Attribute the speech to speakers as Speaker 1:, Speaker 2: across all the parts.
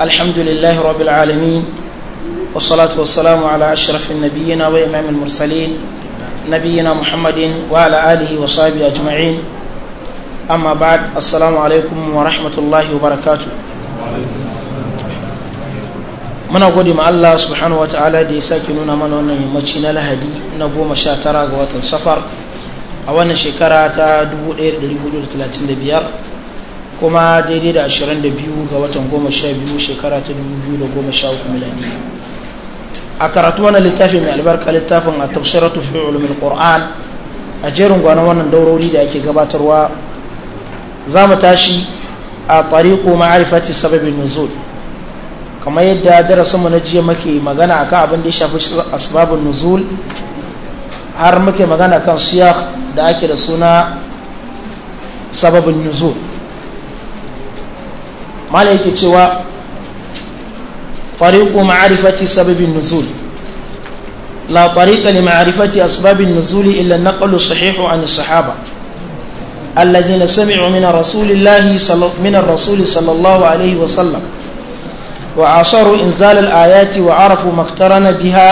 Speaker 1: الحمد لله رب العالمين والصلاة والسلام على أشرف النبيين وإمام المرسلين نبينا محمد وعلى آله وصحبه أجمعين أما بعد السلام عليكم ورحمة الله وبركاته muna gode ma Allah subhanahu wa ta'ala da ya sake nuna mana wannan yammaci na lahadi na goma sha tara ga watan safar a wannan shekara ta 1435 kuma daidai da 22 ga watan 12 shekara ta 2013 miladi a karatu wani littafi mai albarka littafin a tafsiratu fi ulumin qur'an a jerin gwana wannan daurori da ake gabatarwa za mu tashi a tariko ma'arifati sababin nuzul kamar yadda darasin mu na jiya muke magana akan abin da ya shafi asbabun nuzul har muke magana kan siyah da ake da suna sababin nuzul mala yake cewa tariku ma'arifati sababin nuzul la tariqa li ma'arifati asbabin nuzul illa naqlu sahihu an sahaba alladhina sami'u min rasulillahi sallallahu min wa sallam wa asharu inzal al-ayati wa arafu maqtarana biha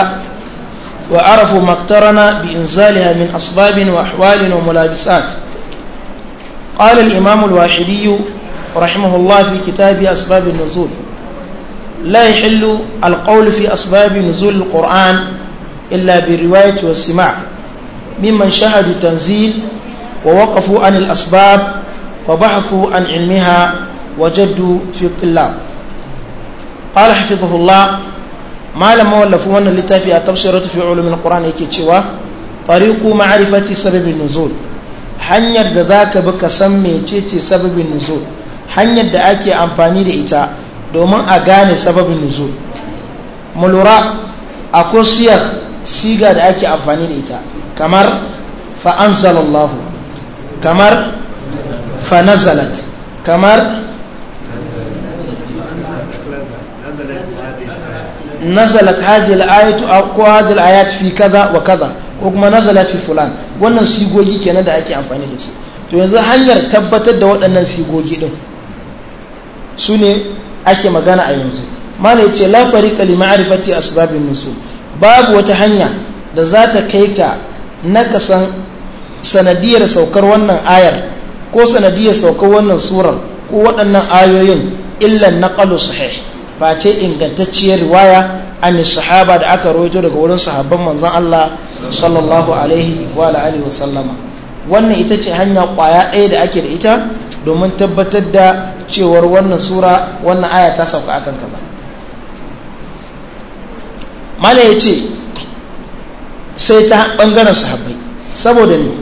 Speaker 1: wa arafu bi inzalha min asbabin wa wa mulabisat qala al-imam al-wahidi رحمه الله في كتاب أسباب النزول لا يحل القول في أسباب نزول القرآن إلا برواية والسماع ممن شهدوا تنزيل ووقفوا عن الأسباب وبحثوا عن علمها وجدوا في الطلاب قال حفظه الله ما لم ولفوا أن لتافي التبصرة في علوم القرآن يكتشوا طريق معرفة سبب النزول hanyar da za ka bi ka san mecece sababin nuzul hanyar da ake amfani da ita domin a gane sababin nuzul mu lura akwai siyar siga da ake amfani da ita kamar fa'anzalallahu kamar fanazalat kamar nazalat hadhihi al-ayatu ko hadhihi al-ayat fi kaza wa kaza ko kuma nazalat fi fulan wannan sigogi kenan da ake amfani da su to yanzu hanyar tabbatar da waɗannan sigogi din su ne ake magana a yanzu mana ce lafari kali ma'arifati a sababin nusu babu wata hanya da za ta kai ka na kasan sanadiyar saukar wannan ayar ko sanadiyar saukar wannan surar ko waɗannan ayoyin illan naqalu sahih ce ingantacciyar riwaya an sahaba da aka rojo daga wurin sahabban manzon Allah sallallahu alaihi wa alihi wa sallama wannan ita ce hanya ƙwaya ɗaya da ake da ita domin tabbatar da cewar wannan sura wannan aya ta sauka akan kaza mala ya ce sai ta su sahabbai saboda ne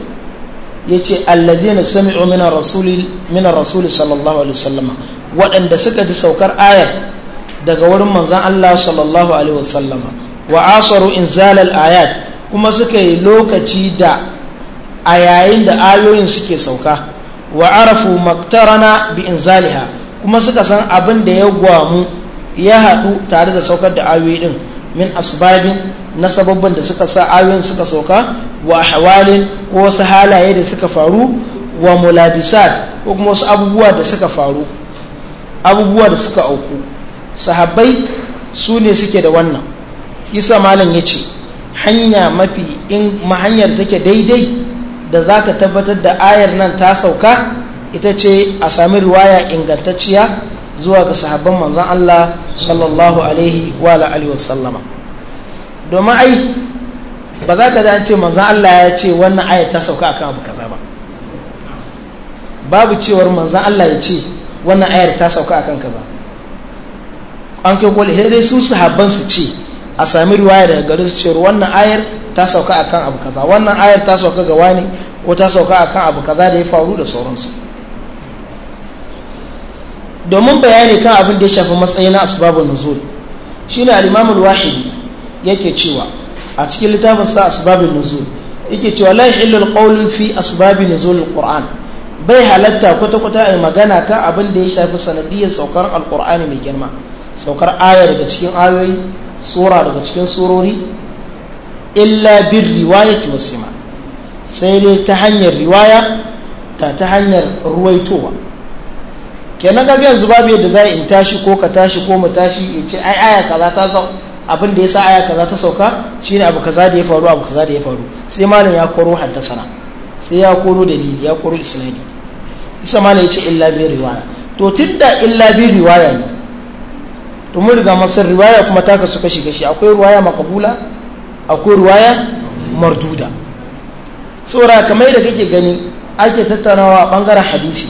Speaker 1: ya ce allaje na sami'o mina rasuli sallallahu alaihi wasallama waɗanda suka ji saukar ayar daga wurin manzan Allah sallallahu alaihi wasallama wa asaru zalal ayat kuma suka yi lokaci da a yayin da ayoyin suke sauka wa arafu maktarana bi zaliha kuma suka san abin da ya gwamu ya haɗu tare da saukar da ayoyi din min asbabin na sababban da suka sa ayoyin suka sauka wa hawalin ko wasu halaye da suka faru wa mulabisat ko kuma wasu abubuwa da suka faru abubuwa da suka auku sahabbai su ne suke da wannan isa malam ya ce hanya mafi in mahanyar take daidai da za ka tabbatar da ayar nan ta sauka ita ce a sami riwaya ingantacciya zuwa ga sahabban manzan Allah sallallahu alaihi wa wa sallama. domin ai ba za ka da an ce manzan Allah ya ce wannan ayar ta sauka akan abu kaza ba babu cewar manzan Allah ya ce wannan ayar ta sauka akan kaza an kai kwalhe dai su sahabban su ce a sami riwaya daga garin su ce wannan ayar ta sauka akan abu kaza wannan ayar ta sauka ga wani ko ta sauka akan abu kaza da ya faru da sauransu domin bayani kan abin da ya shafi matsayi na asbabun nuzul shine al-imamul wahidi yake cewa a cikin littafin sa asbabun nuzul yake cewa la yahillu al-qawlu fi asbabin nuzul al-qur'an bai halatta kwata-kwata ai magana kan abin da ya shafi sanadiyar saukar alkur'ani mai girma saukar aya daga cikin ayoyi sura daga cikin surori illa bin riwayati wasima sai dai ta hanyar riwaya ta ta hanyar ruwaitowa kenan kaga yanzu babu yadda za in tashi ko ka tashi ko mu tashi ya ce ai aya kaza ta zo abin da yasa aya kaza ta sauka shine abu kaza da ya faru abu kaza da ya faru sai malam ya koro haddasana sai ya koro dalili ya koro isnadi isa malam ya ce illa bi riwaya to tunda illa bi riwaya ne to mun riga masar riwaya kuma ta kasu kashi kashi akwai riwaya makabula akwai ruwaya marduda tsora kamar da kake gani ake tattaunawa bangaren hadisi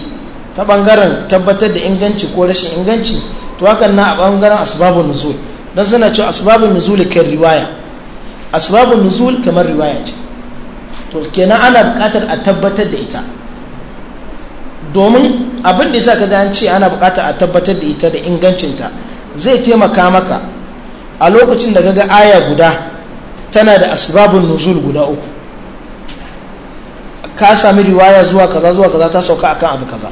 Speaker 1: ta bangaren tabbatar da inganci ko rashin inganci to hakan na a bangaren asibabin nuzul don suna cewa asibabin nuzul kan riwaya asibabin nuzul kamar riwaya ce to kenan ana buƙatar a tabbatar da ita domin abin da yasa ga an ce ana buƙatar a tabbatar da ita da ingancinta zai taimaka maka a lokacin da kaga aya guda tana da asbabun nuzul guda uku ka sami riwaya zuwa kaza zuwa kaza ta sauka akan abu kaza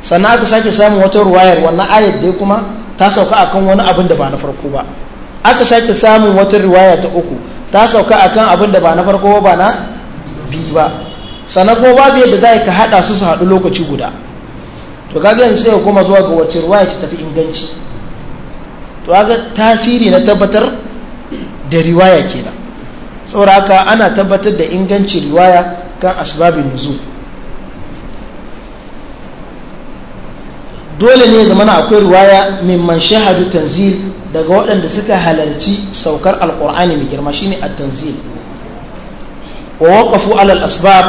Speaker 1: sannan aka sake samun wata riwayar wannan ayat dai kuma ta sauka akan wani abin da ba na farko ba aka sake samun wata riwaya ta uku ta sauka akan abin da ba na farko ba na biyu ba sannan kuma babu yadda za ka hada su su hadu lokaci guda to kaga yanzu sai kuma zuwa ga wacce ruwaya ta tafi inganci to kaga tasiri na tabbatar da riwaya kenan saboda ana tabbatar da ingancin riwaya kan asibabin nuzu dole ne zamana akwai riwaya mimman shahadu tanzil daga waɗanda suka halarci saukar alƙur'ani mai girma shine a tanzil wa waƙafu alal asbab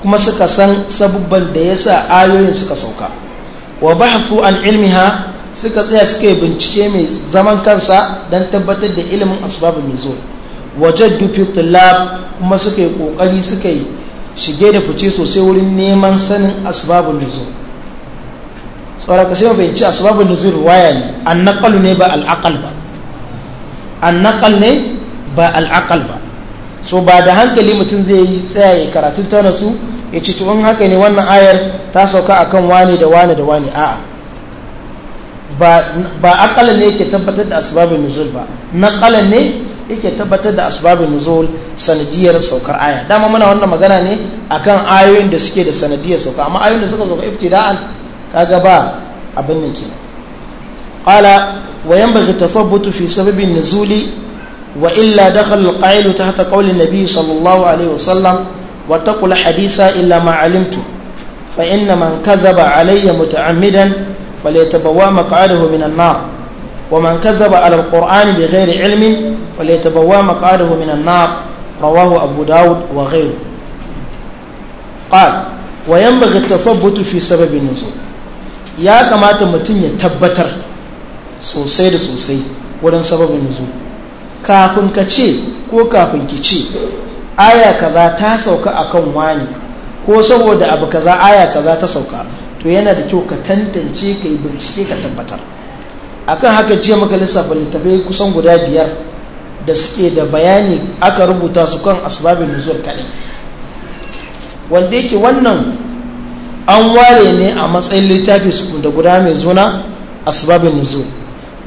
Speaker 1: kuma suka san sabubban da ya sa ayoyin suka sauka wa bahafu an ilmiha suka tsaya suka yi bincike mai zaman kansa don tabbatar da ilimin mai nuzul wajen dufi tullab kuma suka yi kokari suka yi shige da fice sosai wurin neman sanin asibabin nuzul tsoron ka sai asibabin asbabun ruwaya ne an naƙalu ne ba al'aƙal ba an naƙal ne ba al'aƙal ba so ba da hankali mutum zai yi tsaya ya karatun ta nasu ya ci in haka ne wannan ayar ta sauka a kan wane da wane da wane a'a ba akalan ne ke tabbatar da asibabin nuzul ba na ne yake tabbatar da asbabin nuzul sanadiyar saukar aya dama muna wannan magana ne akan ayoyin da suke da sanadiyar sauka amma ayoyin da suka sauka iftida'an kaga ba abin nan kenan qala wa yanbaghi tathabbutu fi sababin nuzuli wa illa dakhala al-qa'il tahta qawli an-nabi sallallahu alaihi wasallam wa taqul haditha illa ma 'alimtu fa inna man kadhaba alayya muta'ammidan falyatabawwa maq'adahu min an-nar ومن كذب على القرآن بغير علم فليتبوى مقعده من النار رواه أبو داود وغيره قال وينبغي التثبت في سبب النزول يا كما تمتن يتبتر sosai da sosai wurin sababin nuzul kafin ka ce ko kafin ki ce aya kaza ta sauka akan wani ko saboda abu kaza aya kaza ta sauka to yana da kyau ka tantance ka yi bincike ka tabbatar akan haka jiya maka lissafin littafai kusan guda biyar da suke da bayani aka rubuta su kan asibabin nuzul kaɗai wanda yake wannan an ware ne a matsayin littafi da guda mai zuna asibabin nuzul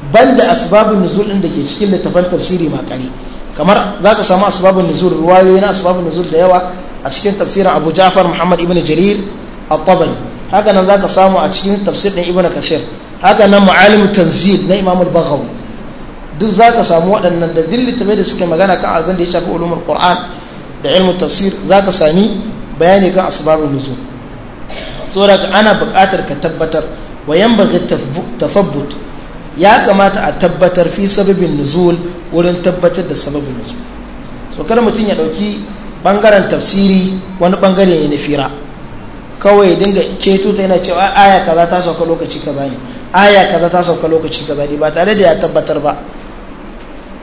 Speaker 1: banda asibabin nuzul ɗin da ke cikin littafan tafsiri makare kamar za ka samu asibabin nuzul ruwayoyi na asibabin nuzul da yawa a cikin tafsirin abu ja'far muhammad ibn jarir a tabari haka za ka samu a cikin ɗin ibn kashir. haka nan ma'alim tanzil na imam al-baghawi duk za ka samu waɗannan da duk littafai da suke magana kan abin da ya shafi ulumul qur'an da ilmu tafsir za ka sami bayani kan asbabun nuzul saboda ana buƙatar ka tabbatar wa yanbaghi tafabbut ya kamata a tabbatar fi sababin nuzul wurin tabbatar da sababin nuzul so kar mutum ya ɗauki bangaren tafsiri wani bangare ne na fira kawai dinga keto ta yana cewa aya kaza ta sauka lokaci kaza ne aya kaza ta sauka lokaci kaza ba tare da ya tabbatar ba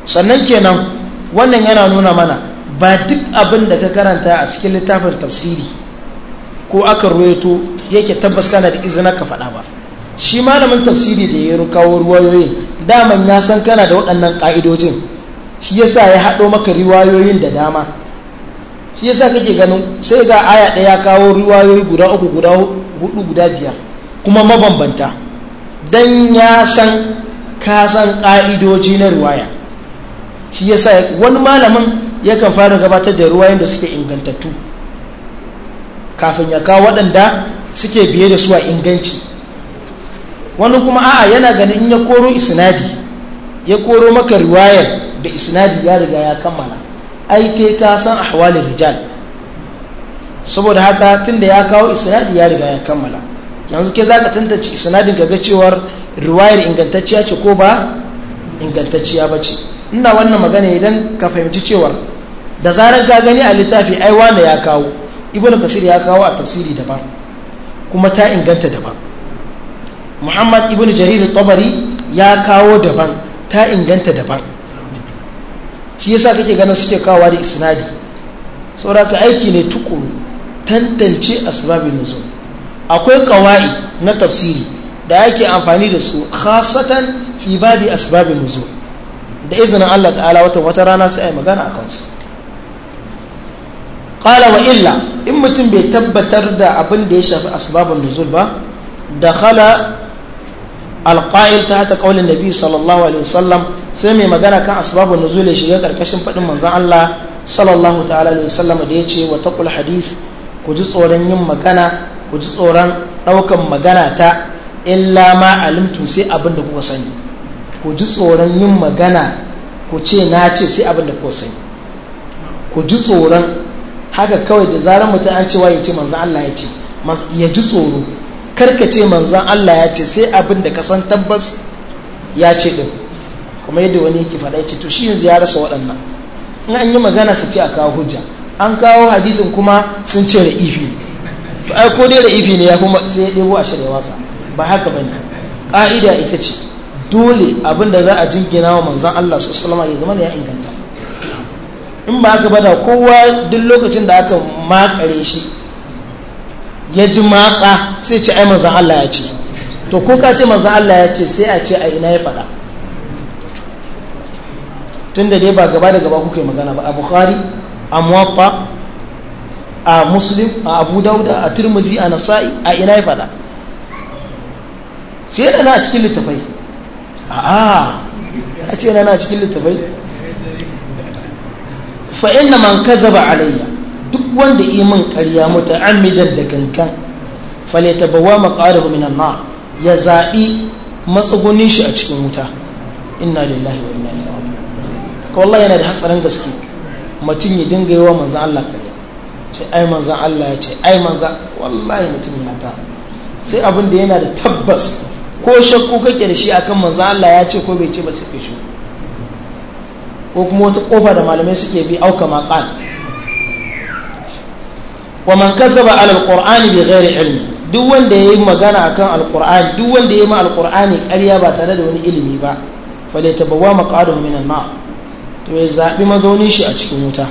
Speaker 1: sannan kenan wannan yana nuna mana ba duk abin da ka karanta a cikin littafin tafsiri ko aka ruwaito yake tabbas kana da izinin ka faɗa ba shi malamin tafsiri da ya kawo ruwayoyin daman ya san kana da waɗannan ƙa'idojin shi yasa ya haɗo maka riwayoyin da dama shi yasa kake ganin sai ga aya ɗaya kawo riwayoyi guda uku guda hudu guda biyar kuma mabambanta dan ya san ka san ƙa'idoji na ruwaya shi ya sa wani malamin yakan fara gabatar da ruwayan da suke ingantattu kafin ya kawo waɗanda suke biye da su a inganci wani kuma a'a yana ganin in ya koro isnadi ya koro maka riwayar da isnadi ya riga ya kammala ai ta ka san ahwalin rijal saboda haka tun da ya kawo isnadi ya riga ya kammala yanzu ke za ka tantance isnadin ka ga cewar riwayar ingantacciya ce ko ba ingantacciya ba ce ina wannan magana idan ka fahimci cewar da zarar ka gani a littafi ai na ya kawo ibn kasir ya kawo a tafsiri daban kuma ta inganta daban muhammad ibn jarir tabari ya kawo daban ta inganta daban shi yasa kake ganin suke kawowa da isnadi saboda ka aiki ne tukuru tantance asbabin nuzul akwai kawai na tafsiri da yake amfani da su khasatan fi babi asbabin nuzul da izinin Allah ta'ala watan wata rana sai ai magana akan su qala wa illa in mutum bai tabbatar da abin da ya shafi asbabun nuzul ba da dakhala alqa'il ta hata qaulin nabi sallallahu alaihi wasallam sai mai magana kan asbabun nuzul ya shiga karkashin fadin manzon Allah sallallahu ta'ala alaihi wasallam da yace wa taqul hadith ku ji tsoron yin magana ku ji tsoron ɗaukan magana ta illa ma alimtum sai abin da kuka sani ku ji tsoron yin magana ku ce na ce sai abin da kuka sani ku ji tsoron haka kawai da zarar mutum an cewa ya ce manzan Allah ya ce ya ji tsoro karka ce manzan Allah ya ce sai abin da ka san tabbas ya ce din kuma yadda wani yake faɗa ya ce to shi yanzu ya rasa waɗannan in an yi magana su ce a kawo hujja an kawo hadisin kuma sun ce ra'ifi ifi ko dai da ifi ne ya kuma sai ya ɗebo a shirya wasa ba haka ba ne ƙa'ida ita ce dole abin da za a jingina wa manzan Allah su salama ya zama ya inganta in ba haka ba da kowa duk lokacin da aka makare shi ya ji matsa sai ce ai manzan Allah ya ce to ko ka ce manzan Allah ya ce sai a ce a ina ya faɗa tun da dai ba gaba da gaba kuka yi magana ba a bukari a muwatta a muslim a abu dauda a turmuzi a nasa'i a ina ya fada sai yana na cikin littafai a'a a ce yana na cikin littafai fa ina man zaba alayya duk wanda imin ƙarya muta'ammidan da ta bawa maqadahu minan na ya zaɓi matsugunin shi a cikin wuta inna lillahi wa inna ilaihi raji'un wallahi yana da hatsarin gaske mutum ya dinga yi wa manzon Allah ƙarya ce ai manzan Allah ya ce ai manzan wallahi mutum ya ta sai abin da yana da tabbas ko shakku kake da shi akan manzan Allah ya ce ko bai ce ba sai shi ko kuma wata kofa da malamai suke bi auka maqal wa man kazzaba ala alqur'ani bi ghairi ilmi duk wanda yayi magana akan alqur'ani duk wanda yayi ma alqur'ani ƙarya ba tare da wani ilimi ba falyatabawwa maqaduhu min al nar to ya zabi mazaunin shi a cikin wuta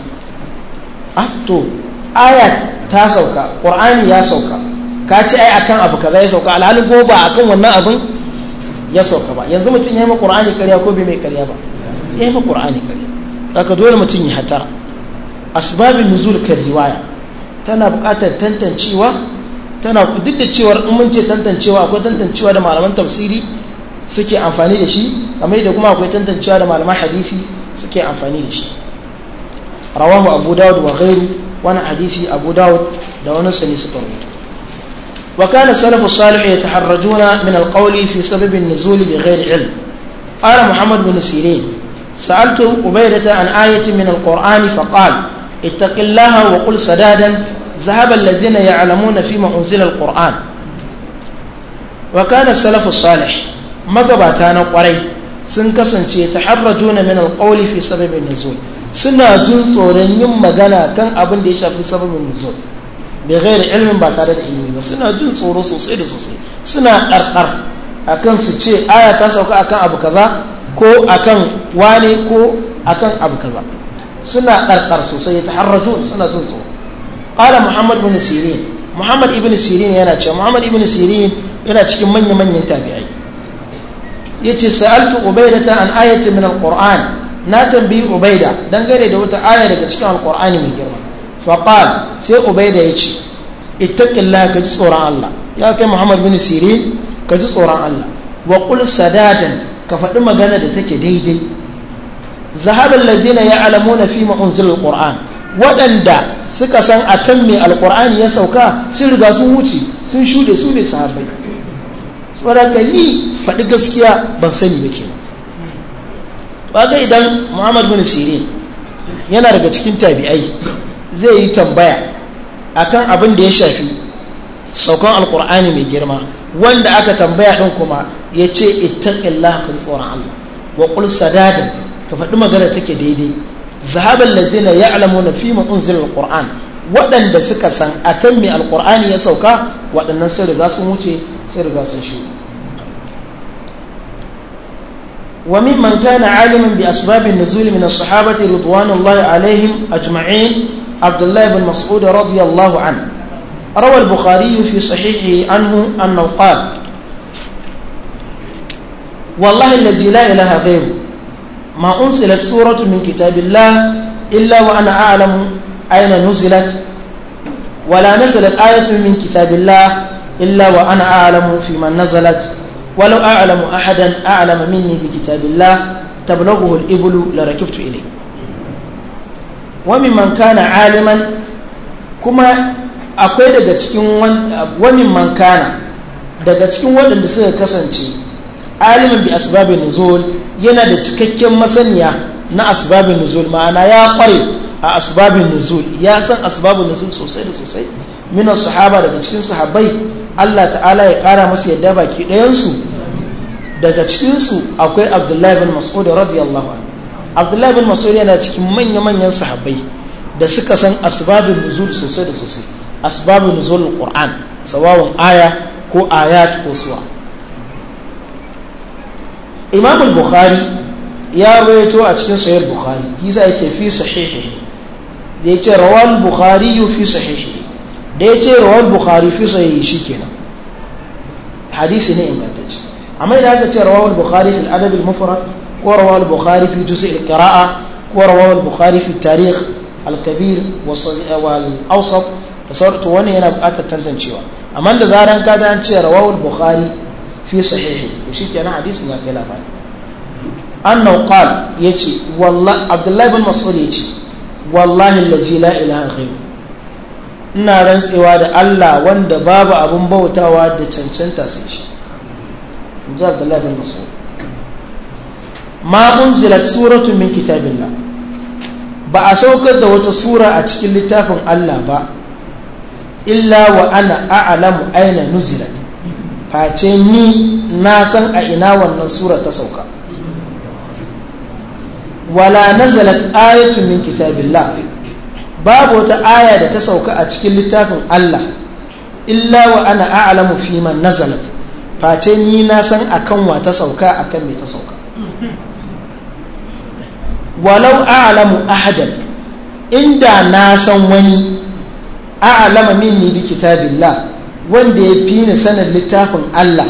Speaker 1: ah to aya ta sauka ƙur'ani ya sauka ka ce ai akan abu kaza ya sauka alhali ko ba akan wannan abin ya sauka ba yanzu mutum ya yi ƙur'ani ƙarya ko bai mai ƙarya ba ya yi ƙur'ani ƙarya haka dole mutum ya hatara asbabin nuzul ka riwaya tana buƙatar tantancewa tana duk da cewar in mun ce tantancewa akwai tantancewa da malaman tafsiri suke amfani da shi kamar yadda kuma akwai tantancewa da malaman hadisi suke amfani da shi rawahu abu dawud wa ghairu wannan hadisi abu dawud da wani sani suka rubuta wa kana salafu salih yataharrajuna min alqawli fi sababin an-nuzul bighayri ilm qala muhammad bin sirin sa'altu ubaydata an ayatin min alqur'ani faqala اتق الله وقل سدادا ذهب الذين يعلمون فيما أنزل القرآن وكان السلف الصالح مقباتان قري سنكسن تحرجون من القول في سبب النزول suna jin tsoron yin magana kan abin da ya shafi sababin nuzul bai gairar ilmin ba tare da ilimi ba suna jin tsoro sosai da sosai suna ɗarɗar akan su ce aya ta sauka akan abu kaza ko akan wane ko akan abu kaza suna ɗarɗar sosai ta harrajun suna jin tsoro ƙala muhammad bin sirin muhammad ibn sirin yana cewa muhammad ibn sirin yana cikin manya-manyan tabi'ai yace sa'altu ubaidata an ayatin min alquran na tambayi ubaida dangane da wata aya daga cikin alkur'ani mai girma faqal sai ubaida ya ce ittaqillah ka ji tsoron Allah ya kai Muhammad bin Sirin ka ji tsoron Allah wa qul sadadan ka faɗi magana da take daidai zahabal ladina ya'lamuna fi ma unzila alquran waɗanda suka san a kan me alqur'ani ya sauka sun riga sun wuce sun shude su ne sahabbai tsoraka ni faɗi gaskiya ban sani ba kenan ga idan muhammad bin sire yana daga cikin tabi'ai zai yi tambaya akan abin da ya shafi saukan alkur'ani mai girma wanda aka tambaya din kuma ya ce ittaqillah ka tsoron Allah wa qul sadadan ka faɗi magana take daidai zahabal ya alamu na ma unzila alquran waɗanda suka san akan me alƙur'ani ya sauka waɗannan sai riga sun wuce sai riga sun shi. وممن كان عالما بأسباب النزول من الصحابة رضوان الله عليهم أجمعين عبد الله بن مسعود رضي الله عنه روى البخاري في صحيحه عنه أنه قال والله الذي لا إله غيره ما أنزلت سورة من كتاب الله إلا وأنا أعلم أين نزلت ولا نزلت آية من كتاب الله إلا وأنا أعلم فيما نزلت walau a'lamu ahadan a'lama minni bi kitabillah tablaghuhu al-iblu la rakibtu ilay wa mimman kana aliman kuma akwai daga cikin wani man kana daga cikin waɗanda suka kasance alimin bi asibabin nuzul yana da cikakken masaniya na asibabin nuzul ma'ana ya kware a asibabin nuzul ya san asibabin nuzul sosai da sosai minan sahaba daga cikin sahabbai Allah ta'ala ya kara musu yadda baki ɗayansu daga cikinsu akwai abdullahi bin mas'ud radiyallahu anhu abdullahi bin mas'ud yana cikin manya-manyan sahabbai da suka san asbabin nuzul sosai da sosai asbabin nuzul qur'an sawawun aya ko ayat ko suwa imam bukhari ya rawaito a cikin sahih bukhari kisa yake fi sahihi da yace rawal bukhari fi sahihi da ya ce rawar bukhari fi sai shi kenan hadisi ne ingantacce amma idan aka ce rawar bukhari fi adab al-mufrad ko rawar bukhari fi juz' al-qira'a ko rawar bukhari fi tarikh al-kabir wal-awsat da sauran wani yana buƙatar tantancewa amma da zaran ka da an ce rawar bukhari fi sahihi to shi hadisin ya kai labari annahu qala yace wallahi abdullahi bin mas'ud yace wallahi allazi la ilaha ghayru ina rantsewa da Allah wanda babu abin bautawa da cancanta sai shi inji Abdullahi bin Mas'ud ma unzilat suratun min kitabillah ba a saukar da wata sura a cikin littafin Allah ba illa wa ana a'lamu aina nuzilat face ni na san a ina wannan sura ta sauka wala nazalat ayatun min kitabillah babu wata aya da ta sauka a cikin littafin Allah illa wa ana a'lamu fi man nazalat face ni na san akan wa ta sauka akan me ta sauka walau a'lamu ahadan inda na san wani a'lama minni bi kitabillah wanda ya fi ni sanin littafin Allah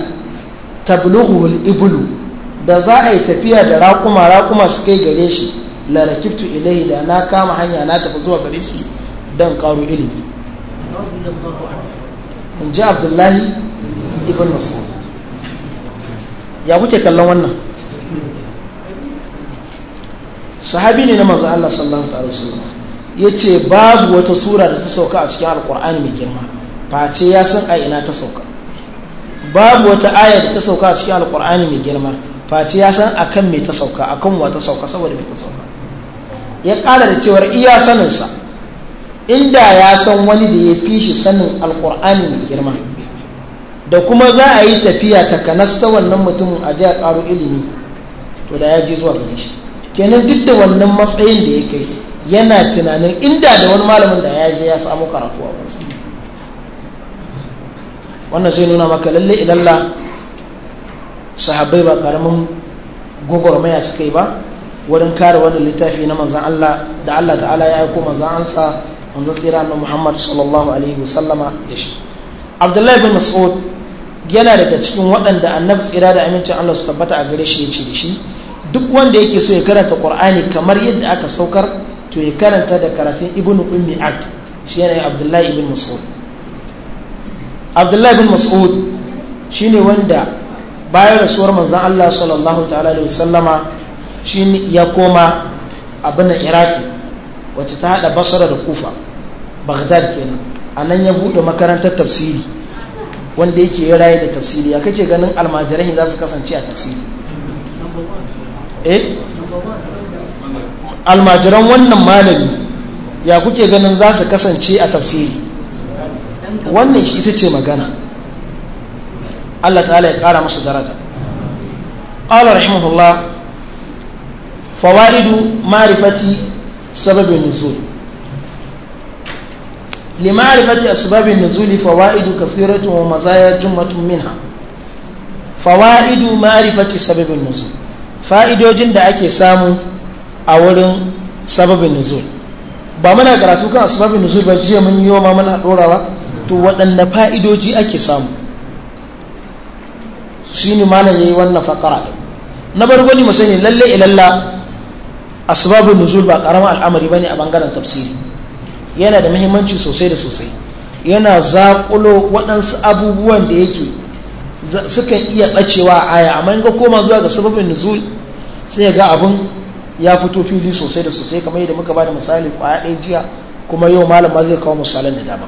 Speaker 1: tabluhu al-iblu da za a yi tafiya da raƙuma raƙuma su kai gare shi la rakibtu ilayhi da na kama hanya na tafi zuwa gare shi dan karo ilimi in ji abdullahi ibn mas'ud ya kuke kallon wannan sahabi ne na manzo Allah sallallahu alaihi wasallam yace babu wata sura da ta sauka a cikin alqur'ani mai girma face ya san a ina ta sauka babu wata aya da ta sauka a cikin alqur'ani mai girma face ya san akan me ta sauka akan wa ta sauka saboda me ta sauka ya ƙara da cewar iya saninsa inda ya san wani da ya fi shi sanin alƙur'ani mai girma da kuma za a yi tafiya ta kanas ta wannan mutumin a jiya ƙaro ilimi to da ya ji zuwa gare shi kenan duk da wannan matsayin da ya kai yana tunanin inda da wani malamin da ya je ya samu karatu a wasu wannan sai nuna maka lalle idan la sahabbai ba karamin gwagwarmaya suka yi ba wurin kare wani littafi na manzan Allah da Allah ta'ala ya aiko manzan ansa manzan tsira na Muhammad sallallahu alaihi wasallama da shi Abdullahi bin Mas'ud yana daga cikin waɗanda annabi tsira da amincin Allah su tabbata a gare shi ya ce da shi duk wanda yake so ya karanta Qur'ani kamar yadda aka saukar to ya karanta da karatun Ibn Ummi Abd shi yana Abdullahi ibn Mas'ud Abdullahi bin Mas'ud shine wanda bayan rasuwar manzan Allah sallallahu ta'ala alaihi wasallama shi ya koma abin iraki wacce ta hada basara da kufa baghdad kenan a nan ya bude makarantar tafsiri wanda yake ya raye da tafsiri ya kake ganin almajirai za su kasance a tafsiri eh? almajiran wannan malami ya kuke ganin za su kasance a tafsiri wannan shi ita ce magana Allah ta'ala ya kara masu daraja Allah rahimahullah fawaidu ma'rifati sababin nuzul لمعرفة أسباب النزول فوائد كثيرة ومزايا جمة منها فوائد معرفة سبب النزول fa'idojin da ake samu a wurin sababin nuzul ba muna karatu kan sababin nuzul ba jiya mun yi ma muna ɗorawa to waɗanne fa'idoji ake samu shi ne malam ya yi wannan fakara na farko ne mu sani lalle ilalla asibabin nuzul ba karama al'amari ba ne a bangaren tafsiri yana da mahimmanci sosai da sosai yana zaƙulo waɗansu abubuwan da yake sukan iya ɓacewa aya amma in ga koma zuwa ga sababin nuzul sai ga abin ya fito fili sosai da sosai kamar yadda muka ba da misali kwaya ɗaya jiya kuma yau malam ma zai kawo misalan da dama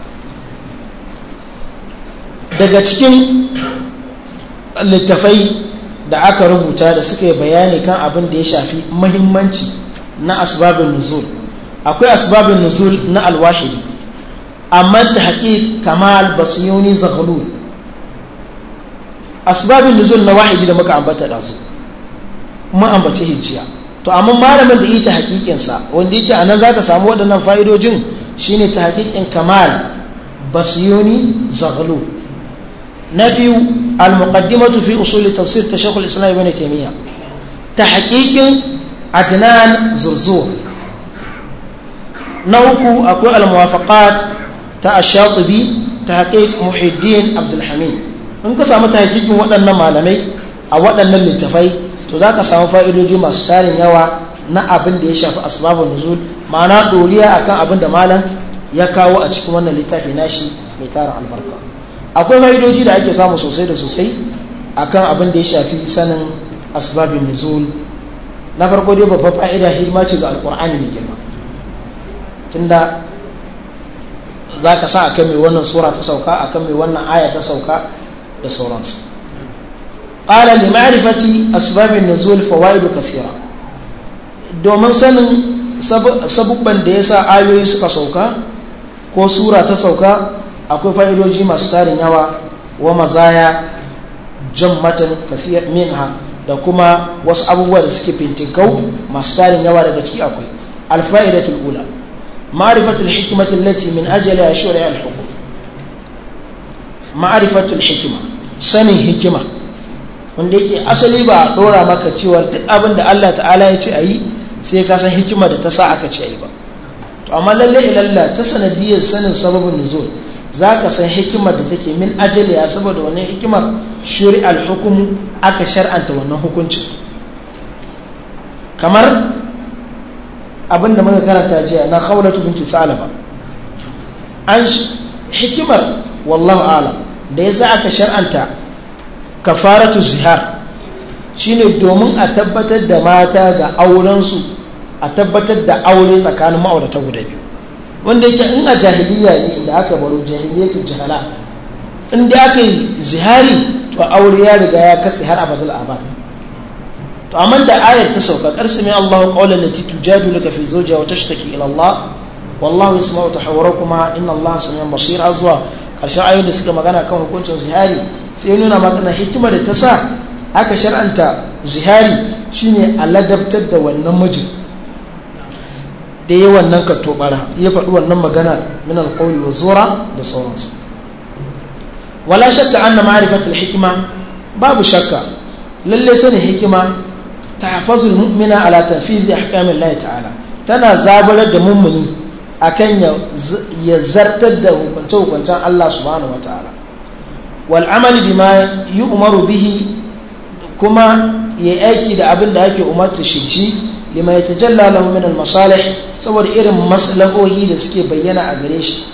Speaker 1: daga cikin littafai da aka rubuta da suka yi bayani kan abin da ya shafi mahimmanci na asibabin nuzul akwai asibabin nuzul na alwahidi amma ta haƙiƙ kamal basiyoni zahalul asibabin nuzul na wahidi da muka ambata da su mun ambaci hijiya to amma malamin da ita haƙiƙinsa wanda yake a nan za ka samu waɗannan fa'idojin shine ta haƙiƙin kamal basiyoni zahalul na biyu al fi usul tafsir ta shakul islam ibn taimiyya ta haƙiƙin adnan zurzur na uku akwai almuwafaqat ta ashatubi ta haƙiƙ muhiddin abdulhamid in ka samu hakikin waɗannan malamai a waɗannan littafai to za ka samu fa'idoji masu tarin yawa na abin da ya shafi asibabin nuzul ma'ana ɗoriya akan abin da malam ya kawo a cikin wannan littafi nashi mai tara albarka akwai fa'idoji da ake samu sosai da sosai akan abin da ya shafi sanin asibabin nuzul na farko dai babbar fa'ida hidima ce ga alkur'ani mai girma tunda za ka sa a kan mai wannan sura ta sauka a kan mai wannan aya ta sauka da sauransu qala li ma'rifati asbabin nuzul da kafira domin sanin sabubban da ya sa ayoyi suka sauka ko sura ta sauka akwai fa'idoji masu tarin yawa wa mazaya jan kafiyar min ha da kuma wasu abubuwa da suke fintinkau masu tarin yawa daga ciki akwai alfa'idatul ula ma'rifatul hikimati lati min ajali ashura shirya alhukum ma'rifatul hikima sanin hikima wanda yake asali ba a dora maka cewa duk abin da Allah ta'ala ya ce a yi sai ka san hikima da ta sa aka ce a yi ba to amma lalle ilalla ta sanadiyar sanin sababin nuzul za ka san hikimar da take min ajaliya saboda wannan hikimar shuri alhukumu aka shar'anta wannan hukuncin kamar abinda muka karanta jiya na khawlatu binti salaba an hikimar wallahu alam da yasa aka shar'anta kafaratu zihar shine domin a tabbatar da mata ga aurensu a tabbatar da aure tsakanin ma'aurata guda biyu wanda yake in a jahiliya ne inda aka baro jahiliyatu jahala in da aka yi zihari to aure ya riga ya katse har abadul abad to amma da ayar ta sauka mai Allahu qawla lati tujadu laka fi zawjiha wa tashtaki ila Allah wallahu yasma'u kuma inna Allah samian basir azwa karshen ayoyin da suka magana kan hukuncin zihari sai nuna magana hikima da ta sa aka shar'anta zihari shine a ladabtar da wannan mijin da yi wannan kattobara ya faɗi wannan magana minan alƙawli wa zura da sauransu wala shakka an na ma'arifatul hikima babu shakka lalle sanin hikima ta hafazul mu'mina ala tafizi ahkamin lahi ta'ala tana zabarar da mummuni akan ya zartar da hukunce-hukuncen Allah subhanahu wa ta'ala wal amali bima yi umaru bihi kuma ya aiki da abin da ake umarta shi lima ya tajalla lahu min al-masalih saboda irin maslahohi da suke bayyana a gare shi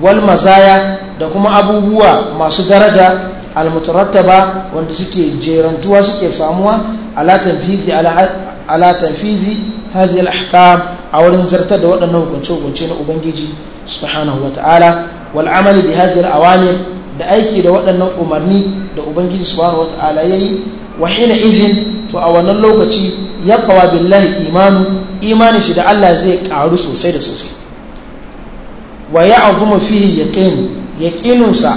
Speaker 1: wal mazaya da kuma abubuwa masu daraja al-mutarattaba wanda suke jerantuwa suke samuwa ala tanfizi ala tanfizi hadhihi al-ahkam a wurin zartar da waɗannan hukunce-hukunce na ubangiji subhanahu wa ta'ala wal amali bi hadhihi al-awamir da aiki da waɗannan umarni da ubangiji subhanahu wa ta'ala yayi wa hina izin to a wannan lokaci yaqwa billahi imanu imanin shi da Allah zai karu sosai da sosai wa ya'zumu fihi yaqin yaqininsa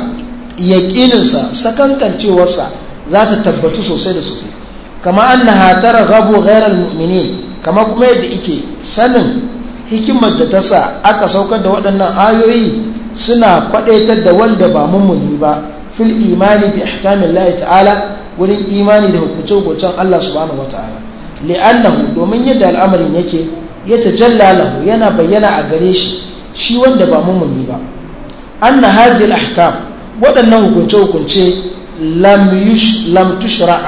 Speaker 1: yaqininsa sakankancewarsa za ta tabbatu sosai da sosai kama annaha targhabu ghayral mu'minin kama kuma yadda yake sanin hikimar da ta sa aka saukar da waɗannan ayoyi suna kwadaitar da wanda ba mummuni ba fil imani bi ihkamillahi ta'ala wurin imani da hukuncin Allah subhanahu wataala li'annahu domin yadda al'amarin yake ya tajalla lahu yana bayyana a gare shi shi wanda ba mumuni ba anna hadhihi al-ahkam waɗannan hukunce hukunce lam yush lam tushra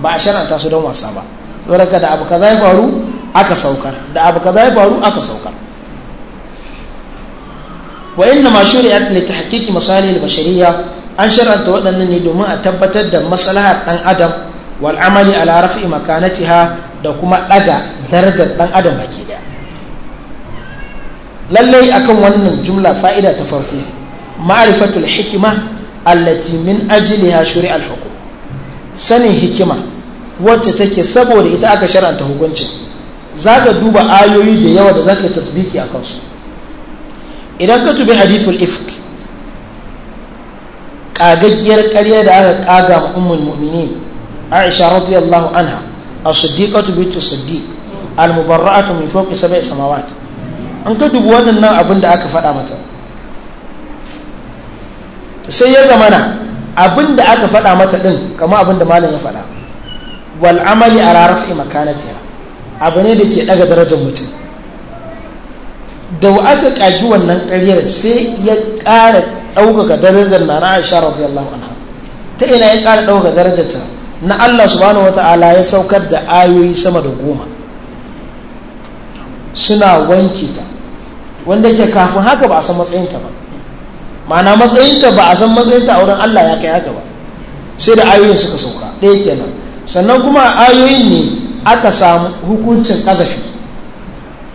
Speaker 1: ba a shar'anta su don wasa ba saboda da abu kaza ya faru aka saukar da abu kaza ya faru aka saukar wa inna ma shuri'at li tahqiqi masalih al-bashariyya an shar'anta waɗannan ne domin a tabbatar da maslahar dan adam wal amali ala rafi makanatiha da kuma daga darajar dan adam baki ɗaya lallai akan wannan jumla fa'ida ta farko ma'rifatul hikima allati min ajliha shuri'al hukum sanin hikima wacce take saboda ita aka shar'anta hukuncin zaka duba ayoyi da yawa da zaka tatbiki a kansu idan ka tubi hadithul ifk kagaggiyar ƙarya da aka kaga ma mu'minin aisha radiyallahu anha as-siddiqatu bintu siddiq al-mubarra'atu min fawqi sab'i samawat an ka dubu abin da aka faɗa mata sai ya zamana abin da aka faɗa mata ɗin kama abin da malam ya faɗa wal amali a rarrafi makanatiya abu ne da ke ɗaga darajar mutum da aka ƙagi wannan ƙaryar sai ya ƙara ɗaukaka darajar na na aisha radiyallahu anha ta ina ya ƙara ɗaukaka darajar ta na Allah subhanahu wata'ala ya saukar da ayoyi sama da goma suna wanke ta wanda ke kafin haka ba a san matsayinta ba ma'ana matsayinta ba a san matsayinta a wurin Allah ya kai haka ba sai da ayoyin suka sauka ɗaya kenan sannan kuma ayoyin ne aka samu hukuncin kazafi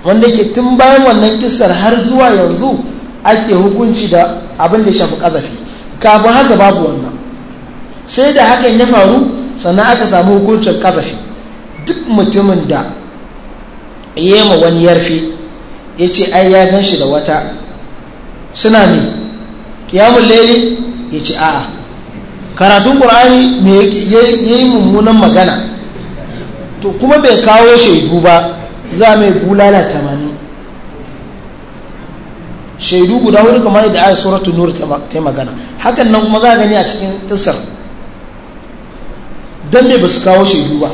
Speaker 1: wanda ke tun bayan wannan kisar har zuwa yanzu ake hukunci da abin da ya shafi kazafi kafin haka babu wannan sai da hakan ya faru sannan aka samu hukuncin kazafi duk mutumin da yema wani yarfe ya ce ai ya gan shi da wata suna ne kiyamun lele ya ce a'a karatun ƙur'ani mai ya yi mummunan magana to kuma bai kawo shaidu ba za mai bulala tamani. shaidu guda hudu kamar da yi suratul nuri ta magana hakan nan kuma za gani a cikin isar don me ba su kawo shaidu ba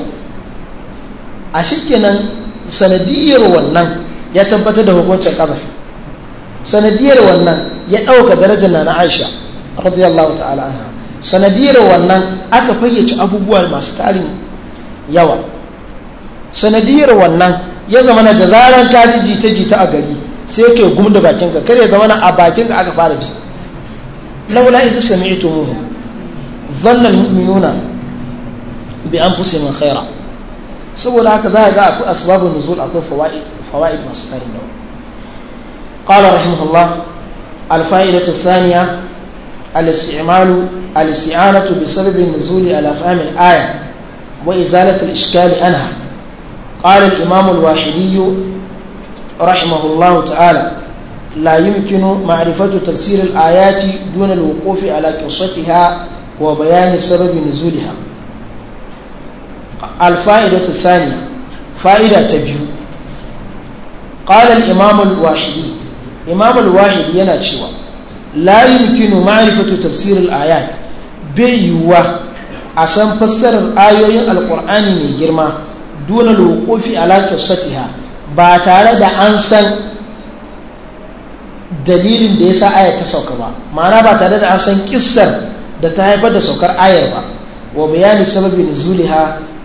Speaker 1: a kenan sanadiyar wannan ya tabbatar da hukuncin kaza sanadiyar wannan ya ɗauka darajar na aisha radiyallahu ta'ala anha sanadiyar wannan aka fayyace abubuwa masu tarin yawa sanadiyar wannan ya zama na da zaran ka ji jita jita a gari sai kai gum da bakinka kar ya zama na a bakinka aka fara ji laula idh sami'tumuhu dhanna al-mu'minuna بأنفسهم خيرا سبول هكذا أكو أسباب النزول أكو فوائد فوائد مستر النوم قال رحمه الله الفائدة الثانية الاستعمال الاستعانة بسبب النزول على فهم الآية وإزالة الإشكال عنها قال الإمام الواحدي رحمه الله تعالى لا يمكن معرفة تفسير الآيات دون الوقوف على قصتها وبيان سبب نزولها Alfa'idata Sani fa'ida ta biyu ƙalar imaman wahidi imaman wahili yana cewa layin kinu ma'arifatu tafsirin ayat bai yiwuwa a san fassarar ayoyin Alƙur'ani mai girma dunan lukufi alaƙa satiha. Ba tare da an san dalilin da ya sa ayar ta sauka ba mana ba tare da an san kisan da ta haifar da saukar ayar ba wa bayani sababi na zuli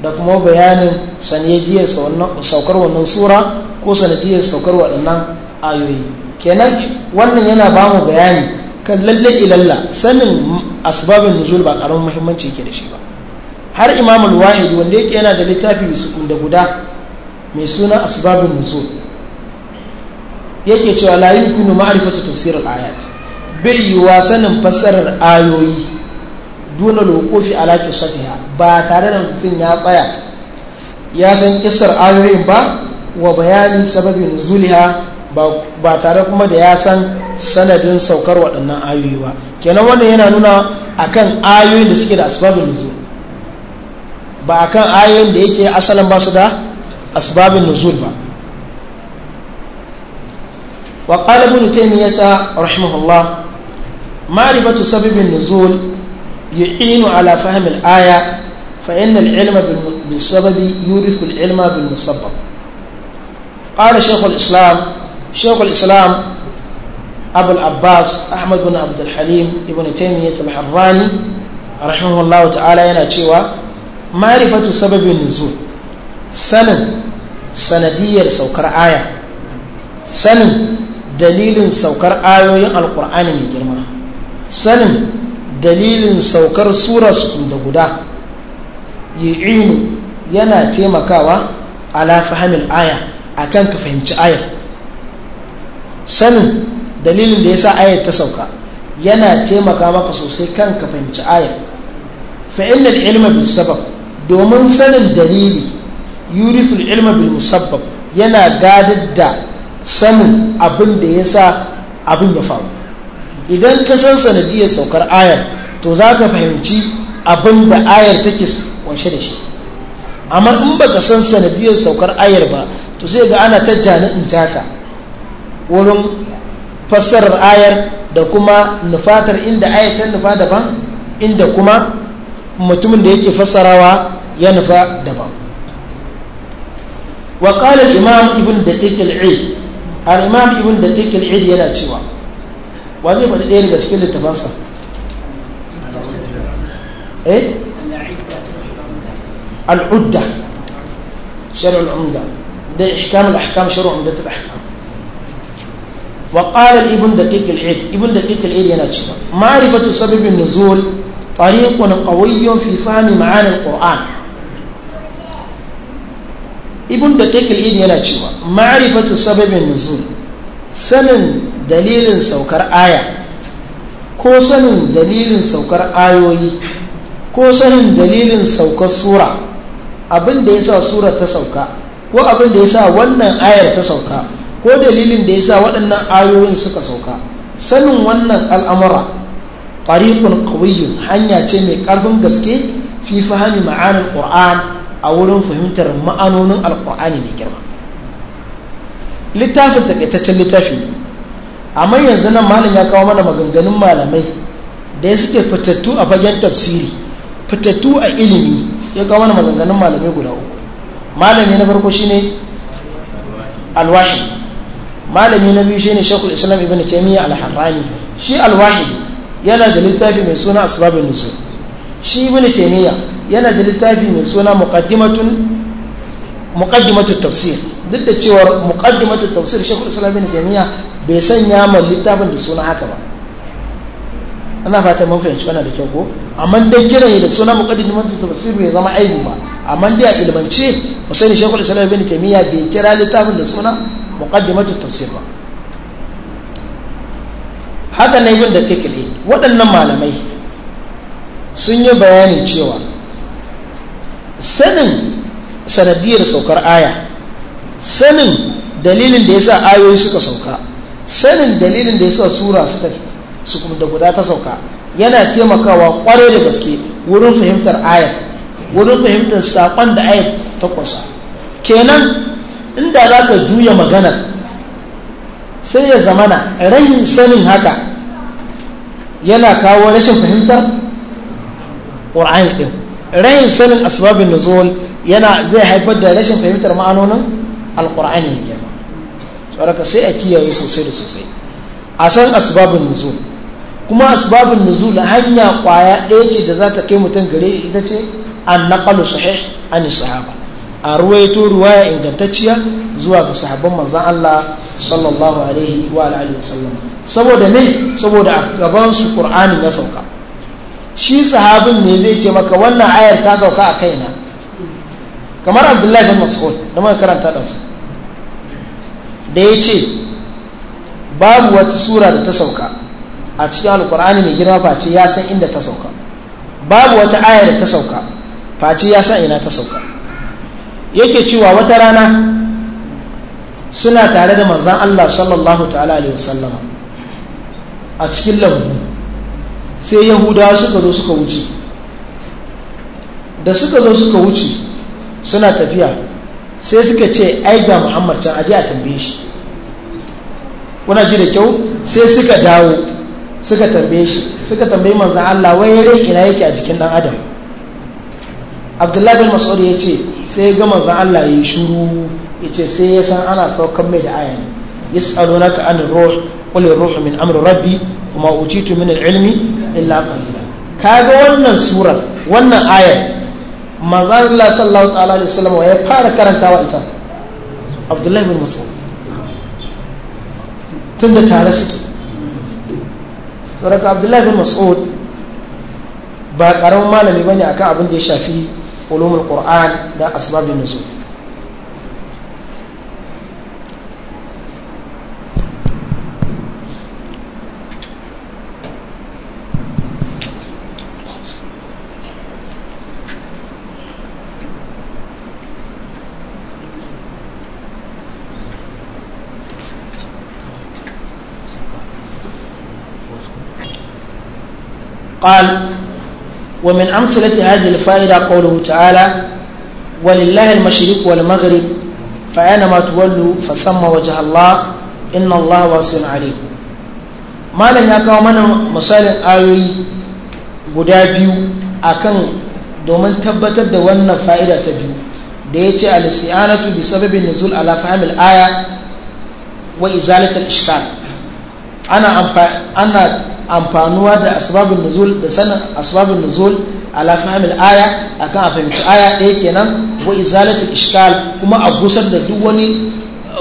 Speaker 1: da kuma bayanin sanadiyar saukar wannan sura ko sanadiyar saukar waɗannan ayoyi kenan wannan yana ba mu bayani kan lalle ilalla sanin asbabin nuzul ba karamin muhimmanci ke da shi ba har imamul wahid wanda yake yana da littafi da guda mai suna asbabin nuzul yake cewa la yumkinu ma'rifatu tafsir ayat bai yiwa sanin fassarar ayoyi duna lokofi ala safiya ba tare da mutum ya tsaya ya san kisar ayoyin ba wa bayanin sababin zuliha ba tare kuma da ya san sanadin saukar waɗannan ayoyi ba kenan wannan yana nuna akan ayoyin da suke da asbabin nuzul ba akan ayoyin da yake asalin ba su da asbabin nuzul ba wa qala ibn taymiyah rahimahullah ma'rifatu sababin nuzul يعين على فهم الآية فإن العلم بالسبب يورث العلم بالمسبب قال شيخ الإسلام شيخ الإسلام أبو العباس أحمد بن عبد الحليم ابن تيمية الحراني رحمه الله تعالى يناتشيوا معرفة سبب النزول سنن سندية سوكر آية سنن dalilin saukar ayoyin alkur'ani mai girma sanin dalilin saukar sura da guda yi'inu yana taimakawa ala fahimin aya akan ka fahimci ayar sanin dalilin da ya sa ayar ta sauka yana taimaka maka sosai kan ka fahimci ayar da ilma bil sabab domin sanin dalili yurisul ilma bil musabbab yana gadar da sanin abin da ya sa abin ya faru idan ka san sanadiyar saukar ayar to za ka fahimci abin da ayar take kunshe da shi amma in baka san sanadiyar saukar ayar ba to sai ga ana ta jani in jaka wurin fassarar ayar da kuma nufatar inda ayar ta nufa daban inda kuma mutumin da yake fassarawa ya nufa daban وقال الإمام ابن دقيق العيد الإمام ابن دقيق العيد يلا تشوى وهذه بدي ايه اللي العدة شرع العمدة ده احكام الاحكام شرع عمدة الاحكام وقال الابن دقيق العيد ابن دقيق العيد يا تشبه معرفة سبب النزول طريق قوي في فهم معاني القرآن ابن دقيق العيد يا تشبه معرفة سبب النزول سنن dalilin saukar aya ko sanin dalilin saukar ayoyi ko sanin dalilin saukar sura abin da ya sa sura ta sauka ko abin da ya sa wannan ayar ta sauka ko dalilin da ya sa waɗannan ayoyin suka sauka sanin wannan al'amura tariqun ƙawiyyun hanya ce mai ƙarfin gaske fi fahimi ma'anar ƙur'an a wurin fahimtar ma'anonin alƙur'ani mai girma littafin takaitaccen littafi amma yanzu nan malam ya kawo mana maganganun malamai da ya suke fitattu a fagen tafsiri fitattu a ilimi ya kawo mana maganganun malamai guda uku malami na farko shine alwahi malami na biyu shine shekul islam ibn taimiyya al shi alwahi yana da littafi mai suna asbabun nuzul shi ibn taimiyya yana da littafi mai suna muqaddimatun muqaddimatut tafsir duk da cewar muqaddimatut tafsir shekul islam ibn taimiyya bai sanya ma littafin da suna haka ba ana fata mun fahimci wannan da kyau ko amma dai kiran da suna muqaddim mun tafsir bai zama aibu ba amma dai a ilmance Husaini Sheikhul Islam Ibn Taymiyyah bai kira littafin da suna muqaddimatu tafsir ba haka ne yin da kekele waɗannan malamai sun yi bayanin cewa sanin sanadiyar saukar aya sanin dalilin da ya sa ayoyi suka sauka sanin dalilin da ya sa sura suka su kuma da guda ta sauka yana taimakawa kwarai da gaske wurin fahimtar ayat wurin fahimtar saƙon da ayat ta kwasa kenan inda za ka juya maganar sai ya zamana rahin sanin haka yana kawo rashin fahimtar ƙur'ani ɗin rahin sanin asbabin nuzul yana zai haifar da rashin fahimtar ma'anonin alƙur'ani ne baraka sai a kiyaye sosai da sosai a san asibabin nuzul kuma asbabun nuzul hanya kwaya ɗaya ce da za ta kai mutum gare ita ce an naƙalu sahih an sahaba a ruwaito ruwaya ingantacciya zuwa ga sahabban manzan Allah sallallahu alaihi wa alihi saboda ne saboda a gaban su qur'ani ya sauka shi sahabin ne zai ce maka wannan ayar ta sauka a kaina kamar abdullahi bin mas'ud da muka karanta da su da ya ce babu wata sura da ta sauka a cikin alkur'ani mai girma face ya san inda ta sauka babu wata aya da ta sauka face ya san ina ta sauka yake cewa wata rana suna tare da manzan Allah sallallahu ta'ala alaihi wasallama a cikin lambu sai yahudawa suka zo suka wuce da suka zo suka wuce suna tafiya sai suka ce ai ga muhammad can aje a tambaye shi kuna ji da kyau sai suka dawo suka tambaye shi suka tambaye manzan Allah wai rai ina yake a jikin dan adam abdullahi bin mas'ud ya ce sai ga manzan Allah ya yi shuru ya ce sai ya san ana saukan mai da aya ne ka an ruh ruhu min amri rabbi kuma utitu min ilmi illa ka ga wannan surar wannan ayar manzan Allah sallallahu ta'ala alaihi wasallam ya fara karantawa ita Abdullahi bin Mas'ud tunda tare suke saboda Abdullahi bin Mas'ud ba karamin malami bane akan abin da ya shafi ulumul Qur'an da asbabun nuzul قال ومن أمثلة هذه الفائدة قوله تعالى ولله المشرق والمغرب فأينما تولوا فثم وجه الله إن الله واسع عليم malam ya kawo mana misalin ayoyi guda biyu akan domin tabbatar da wannan fa'ida ta biyu da ya ce alisiyanatu bi sababin nuzul ala aya wa ishkal ana amfanuwa da asbabun nuzul da sanin asbabun nuzul ala fahimil aya akan a fahimci aya ɗaya kenan wa izalatul iskal kuma a gusar da duk wani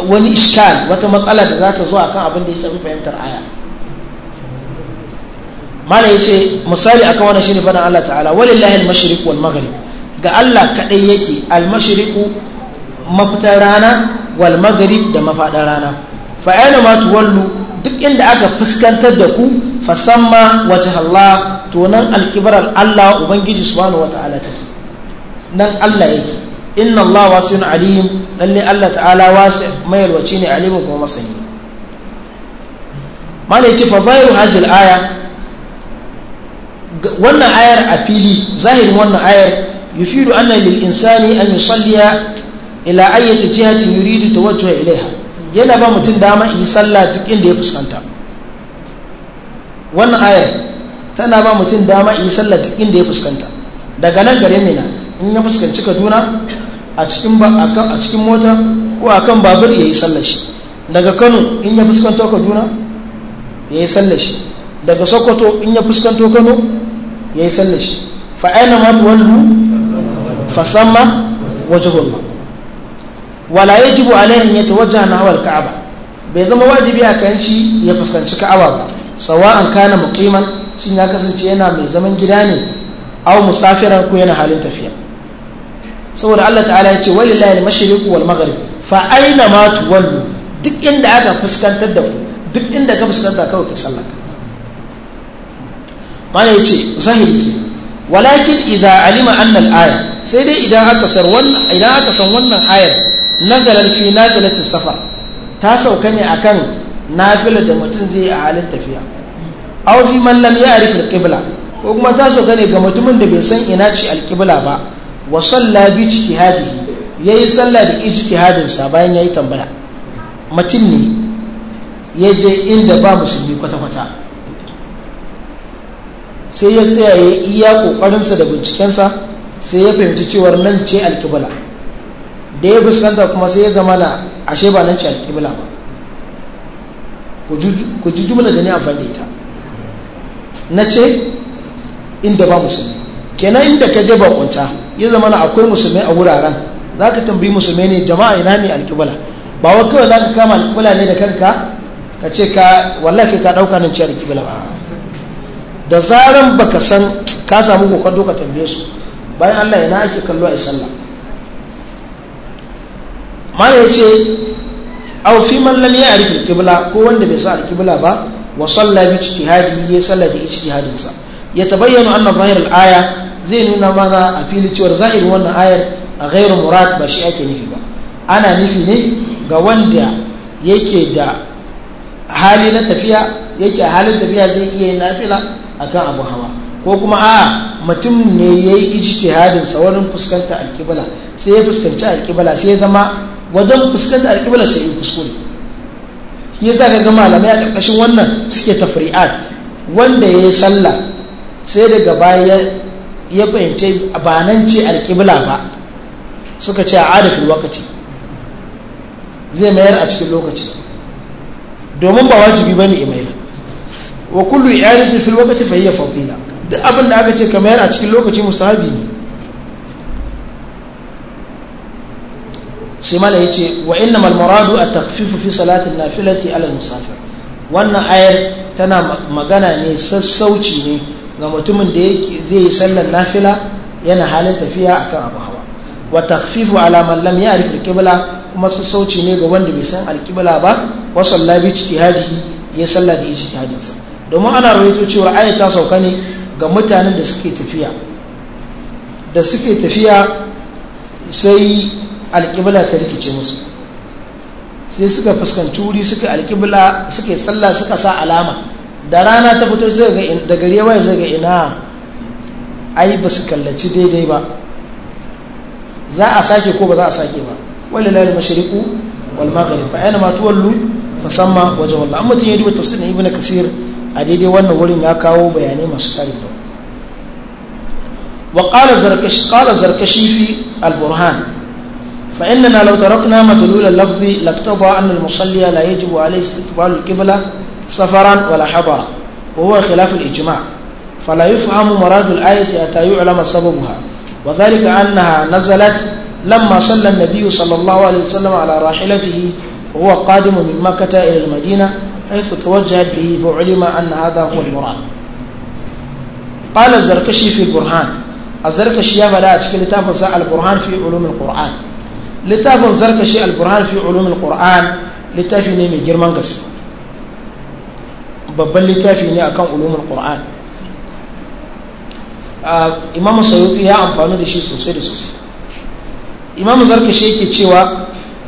Speaker 1: wani iskal wata matsala da zata zo akan abin da ya shafi fahimtar aya mana yace misali akan wannan shine fadan Allah ta'ala walillahi al-mashriq wal maghrib ga Allah kadai yake al-mashriq mafitar rana wal maghrib da mafadar rana fa aina ma tuwallu duk inda aka fuskantar da ku fasamma wace Allah to nan alkibarar Allah Ubangiji subhanahu wa ta'ala take nan Allah yake inna Allah wasu alim lalle Allah ta'ala wasu mayalwaci ne alimin kuma masani mana yake fadairu hazil aya wannan ayar a fili zahirin wannan ayar yufidu anna lil insani an yusalliya ila ayyati jihatin yuridu tawajjuha ilaiha yana ba mutum dama yi sallah duk inda ya fuskanta wannan ayar tana ba mutum dama yi sallar duk inda ya fuskanta daga nan gare mina in ya fuskanci kaduna a cikin a cikin mota ko a kan babur ya yi sallar shi daga kano in ya fuskanto kaduna ya yi sallar shi daga sokoto in ya fuskanto kano ya yi sallar shi aina ma fa tuwallu fasamma wajhullah wala yajibu alaihi yatawajjaha nahwa al-ka'aba bai zama wajibi a kan shi ya fuskanci ka'aba ba sawa'an kana muqiman shin ya kasance yana mai zaman gida ne aw musafiran ko yana halin tafiya saboda Allah ta'ala ya ce walillahi al-mashriq wal maghrib fa aina ma tuwallu duk inda aka fuskantar da ku duk inda ka fuskanta kawai ka sallaka mana yace zahiri ke walakin idza alima anna al-aya sai dai idan aka san wannan idan aka san wannan ayar nazalan fi nafilatin safar ta sauka ne akan nafilar da mutum zai yi a halin tafiya aw fi man lam ya'rif al-qibla ko kuma ta so gane ga mutumin da bai san ina ce al-qibla ba wa salla bi ijtihadihi yayi sallah da ijtihadin sa bayan yayi tambaya mutum ne ya je inda ba musulmi kwata kwata sai ya tsaya ya iya kokarinsa da bincikensa sai ya fahimci cewar nan ce al-qibla da ya fuskanta kuma sai ya zama na ashe ba nan ce al-qibla ba ku ji jumla da ni amfani da ita na ce inda ba musulmi kenan inda ka je bakunta ya zama na akwai musulmi a wuraren za ka tambayi musulmi ne jama'a ina ne alƙibla ba wa kawai za ka kama alƙibla ne da kanka ka ce ka wallahi ka ɗauka nan ce alƙibla ba da zaran ka san ka samu kokon ka tambaye su bayan Allah ina ake kallo a isalla mana ya ce au fi mallan ya ya'rif al ko wanda bai sa al ba wa salla bi ijtihadi ya salla da ijtihadin ya tabayyana anna zahir al-aya zai nuna mana a fili cewar zahir wannan ayar a ghairu murad ba shi ake nufi ba ana nufi ne ga wanda yake da hali na tafiya yake halin tafiya zai iya nafila akan abu hawa ko kuma a mutum ne ya yi ijtihadin sa wurin fuskanta alkibla sai ya fuskanci alkibla sai ya zama wajen fuskanta alkibla sai ya kuskure ya ka ga malamai a ƙarƙashin wannan suke tafri'at wanda ya yi sallah sai daga baya ya fahimce ba nan ce alƙibla ba suka ce a adafin lokaci zai mayar a cikin lokaci domin ba wajibi ba ne mayar wa kullu iyalin fil lokaci fa hiya fadila duk abin da aka ce ka mayar a cikin lokaci mustahabi ne sai mala yace wa innamal muradu at-takhfifu fi salatin nafilati ala musafir wannan ayar tana magana ne sassauci ne ga mutumin da yake zai yi sallar nafila yana halin tafiya akan abu hawa wa takfifu ala man lam ya'rif al-qibla kuma sassauci ne ga wanda bai san al-qibla ba wa salla bi ijtihadihi ya salla da sa domin ana rawaito cewa ayar ta sauka ne ga mutanen da suke tafiya da suke tafiya sai alƙibla ta rikice musu sai suka fuskanci wuri suka alƙibla suka yi sallah suka sa alama da rana ta fito da gare waya zai ga ina ai ba su kallaci daidai ba za a sake ko ba za a sake ba wale lalil mashariku wal maghrib fa aina ma tuwallu fa samma waje wallah amma tun ya duba tafsirin ibnu kasir a daidai wannan wurin ya kawo bayanai masu tarin yawa wa qala zarkashi qala fi al burhan فإننا لو تركنا مدلول اللفظ لاقتضى أن المصلي لا يجب عليه استقبال القبلة سفرا ولا حضرا وهو خلاف الإجماع فلا يفهم مراد الآية حتى يعلم سببها وذلك أنها نزلت لما صلى النبي صلى الله عليه وسلم على راحلته وهو قادم من مكة إلى المدينة حيث توجهت به فعلم أن هذا هو المراد قال الزركشي في البرهان الزركشي يفعل أتكلم تفسع البرهان في علوم القرآن littafin zarkashi alburhan fi ulumin qur'an littafi ne mai girman gaske babban littafi ne akan ulumin qur'an imam sayuti ya amfani da shi sosai da sosai imam zarkashi yake cewa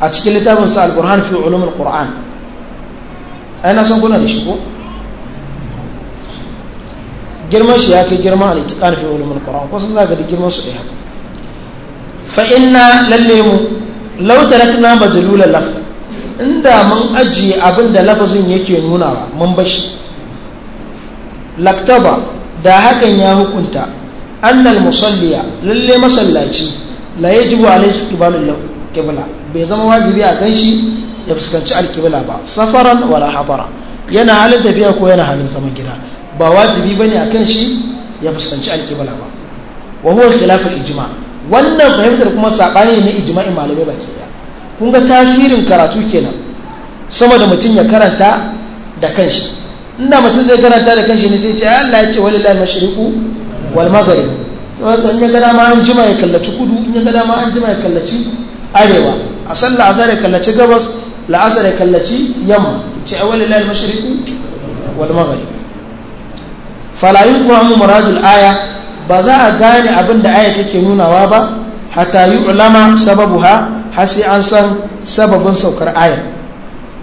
Speaker 1: a cikin littafin sa alburhan fi ulumin qur'an ai na san kuna da shi ko girman shi ya kai girman al'itikan fi ulumin qur'an ko sun zaga da girman su ɗaya haka fa inna lalle mu lautarakna na majalula laf inda mun ajiye abin da lafazin yake nunawa mun bashi laktaba da hakan ya hukunta annal musalliya lalle masallaci la yajibu alayhi istiqbalul qibla bai zama wajibi a ganshi ya fuskanci alkibla ba safaran wala hadara yana halin tafiya ko yana halin zaman gida ba wajibi bane akan shi ya fuskanci alkibla ba wa huwa khilaful ijma' wannan fahimtar kuma saɓani na ijma'in malamai baki ɗaya kun ga tasirin karatu kenan sama da mutum ya karanta da kanshi inda mutum zai karanta da kanshi ne sai ce Allah ya ce wani lai mashiriku wal magari in ya gada ma an jima ya kallaci kudu in ya gada ma an jima ya kallaci arewa a sallah azhar ya kallaci gabas la'asar ya kallaci yamma ce a wani lal mashiriku wal magari fala yuqamu muradul aya ba za a gane abin da aya take nunawa ba hatta yi ulama sababu ha har sai an san sababin saukar ayar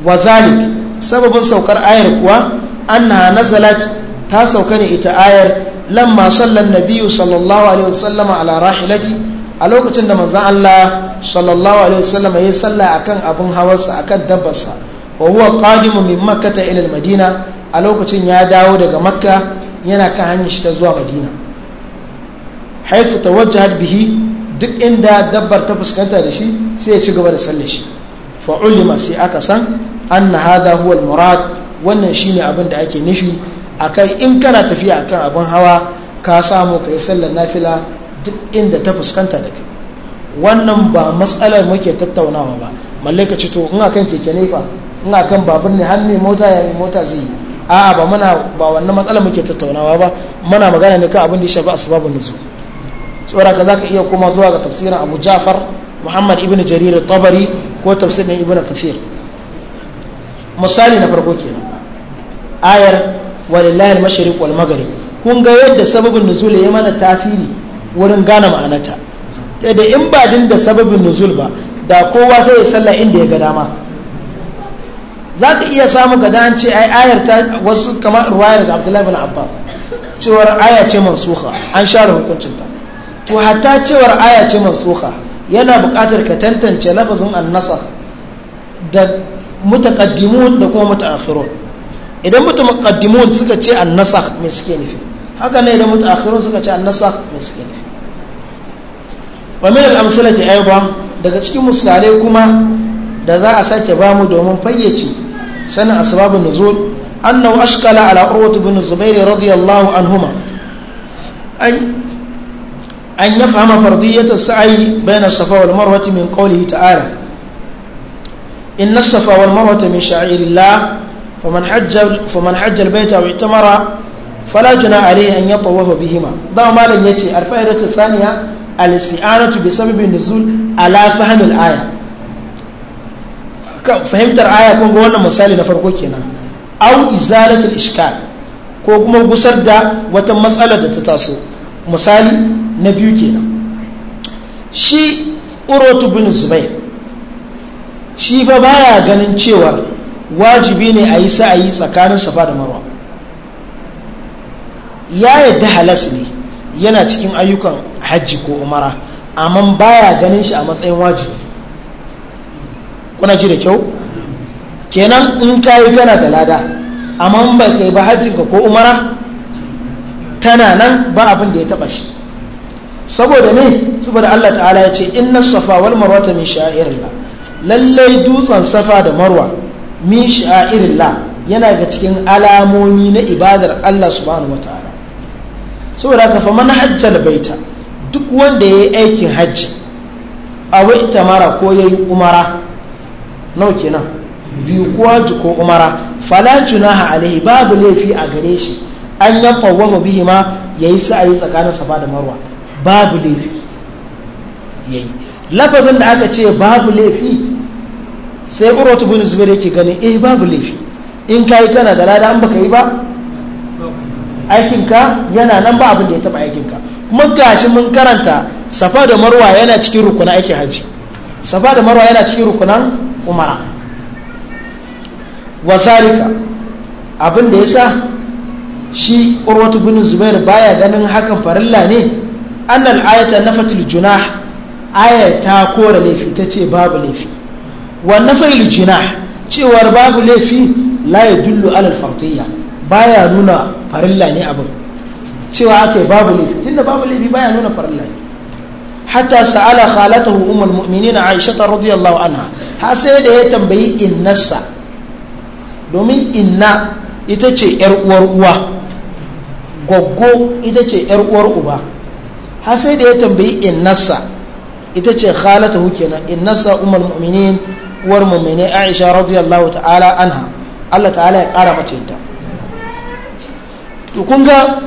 Speaker 1: wa zalik sababin saukar ayar kuwa annaha nazalat ta sauka ne ita ayar lamma sallan nabiyyu sallallahu alaihi wasallama ala rahilati a lokacin da manzan Allah sallallahu alaihi wasallama ya salla akan abin hawarsa akan dabbarsa wa huwa qadimu min makkata ila al-madina a lokacin ya dawo daga makka yana kan hanyar shi ta zuwa madina haitu tawajjahat bihi duk inda dabbar ta fuskanta da shi sai ya ci gaba da sallar shi fa sai aka san anna hadha huwa murad wannan shine abin da ake nufi kai in kana tafiya akan abin hawa ka samu kai sallar nafila duk inda ta fuskanta da kai wannan ba matsalar muke tattaunawa ba mallaka ci to kan keke ne fa ina kan babur ne har mai mota ya mota zai yi a'a ba muna ba wannan matsalar muke tattaunawa ba muna magana ne kan abin da ya shafi asbabun nuzul saboda ka zaka iya kuma zuwa ga tafsirin abu jafar muhammad ibn jarir tabari ko tafsirin ibn kafir misali na farko kenan ayar walillahi al-mashriq wal maghrib kun ga yadda sababin nuzul ya mana tasiri wurin gane ma'anata da in ba din da sababin nuzul ba da kowa sai ya sallah inda ya ga dama za ka iya samu ka dan ce ai ayar ta wasu kamar ruwayar ga Abdullahi bin Abbas cewar aya ce mansuha an share hukuncinta to hatta cewar aya ce mansuha yana buƙatar ka tantance lafazin annasa da mutaqaddimun da kuma mutaakhirun idan mutaqaddimun suka ce annasa me suke nufi haka ne idan mutaakhirun suka ce annasa me suke nufi wa min al-amsalati aidan daga cikin misalai kuma da za a sake bamu domin fayyace sanin asbabun nuzul annahu ashkala ala urwatu bin zubair radiyallahu anhuma an an ya fahama fardiyyata sa'ayi bayan safa wal marwati min qawlihi ta'ala inna safa wal marwata min sha'irillah faman hajja faman hajja al bayta wa itamara fala juna alayhi an yatawafa bihima da malam yace al fa'idatu thaniya al isti'anatu bi sababi nuzul ala fahmi aya ka fahimtar aya kun ga wannan misali na farko kenan aw izalatul ishkal ko kuma gusar da wata matsala da ta taso misali na biyu kenan shi urotu bin zubair shi fa baya ganin cewar wajibi ne a yi sa'ayi tsakanin safa da marwa ya yadda halas ne yana cikin ayyukan hajji ko umara amma baya ganin shi a matsayin wajibi kuna ji da kyau kenan in yi kana da lada amma ba kai ba hajjinka ko umara tana nan ba abin da ya taba shi saboda ne saboda Allah ta'ala ya ce inna safa wal marwata min sha'irillah lallai dutsen safa da marwa min sha'irillah yana ga cikin alamomi na ibadar Allah subhanahu wataala saboda haka fa man hajjal baita duk wanda yayi aikin hajji a wai tamara ko yayi umara nawa kenan biyu ko hajji ko umara fala junaha alaihi babu laifi a gare shi an yan tawwafa bihi ma yayi sa'ayi tsakanin safa da marwa babu laifi yi lafazin da aka ce babu laifi sai urwatu bin zubair yake ganin eh babu laifi in yi kana da lada an baka yi ba aikinka yana nan ba abin da ya taba aikinka kuma gashi mun karanta safa da marwa yana cikin rukunan aikin haji safa da marwa yana cikin rukunan umara wa zalika abin da sa shi urwatu bin zubair baya ganin hakan farilla ne annal ayata nafatul junah aya ta kora laifi ta ce babu laifi wa nafayil junah cewar babu laifi la yadullu alal fardiyya baya nuna farilla ne abin cewa ake babu laifi tunda babu laifi baya nuna farilla ne hatta sa'ala khalatahu ummul mu'minin aisha radiyallahu anha har sai da ya tambayi innarsa domin inna ita ce yar uwar uwa goggo ita ce yar uwar uba har sai da ya tambayi in nasa ita ce na in nasa umar mu'minin uwar mu'mini Aisha radiyallahu ta'ala anha Allah ta'ala ya kara mace ta to kun ga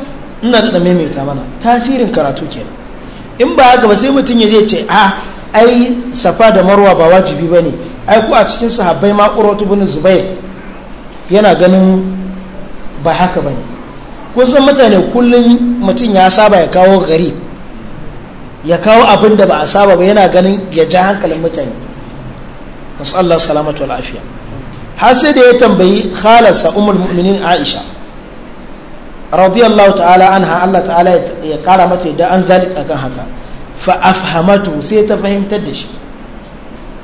Speaker 1: ina da maimaita mana tasirin karatu kenan in ba haka ba sai mutum ya zai ce a ai safa da marwa ba wajibi ba ne ai ku a cikin sahabbai ma ƙuratu bin zubair yana ganin ba haka ba ne kusan mutane kullum mutum ya saba ya kawo gari ya kawo abin da ba a saba ba yana ganin ya ja hankalin mutane masu Allah salamatu lafiya har sai da ya tambayi halarsa umar mu'minin aisha radiyallahu ta'ala anha Allah ta'ala ya kara mata yadda an zalik akan haka fa afhamatu sai ta fahimtar da shi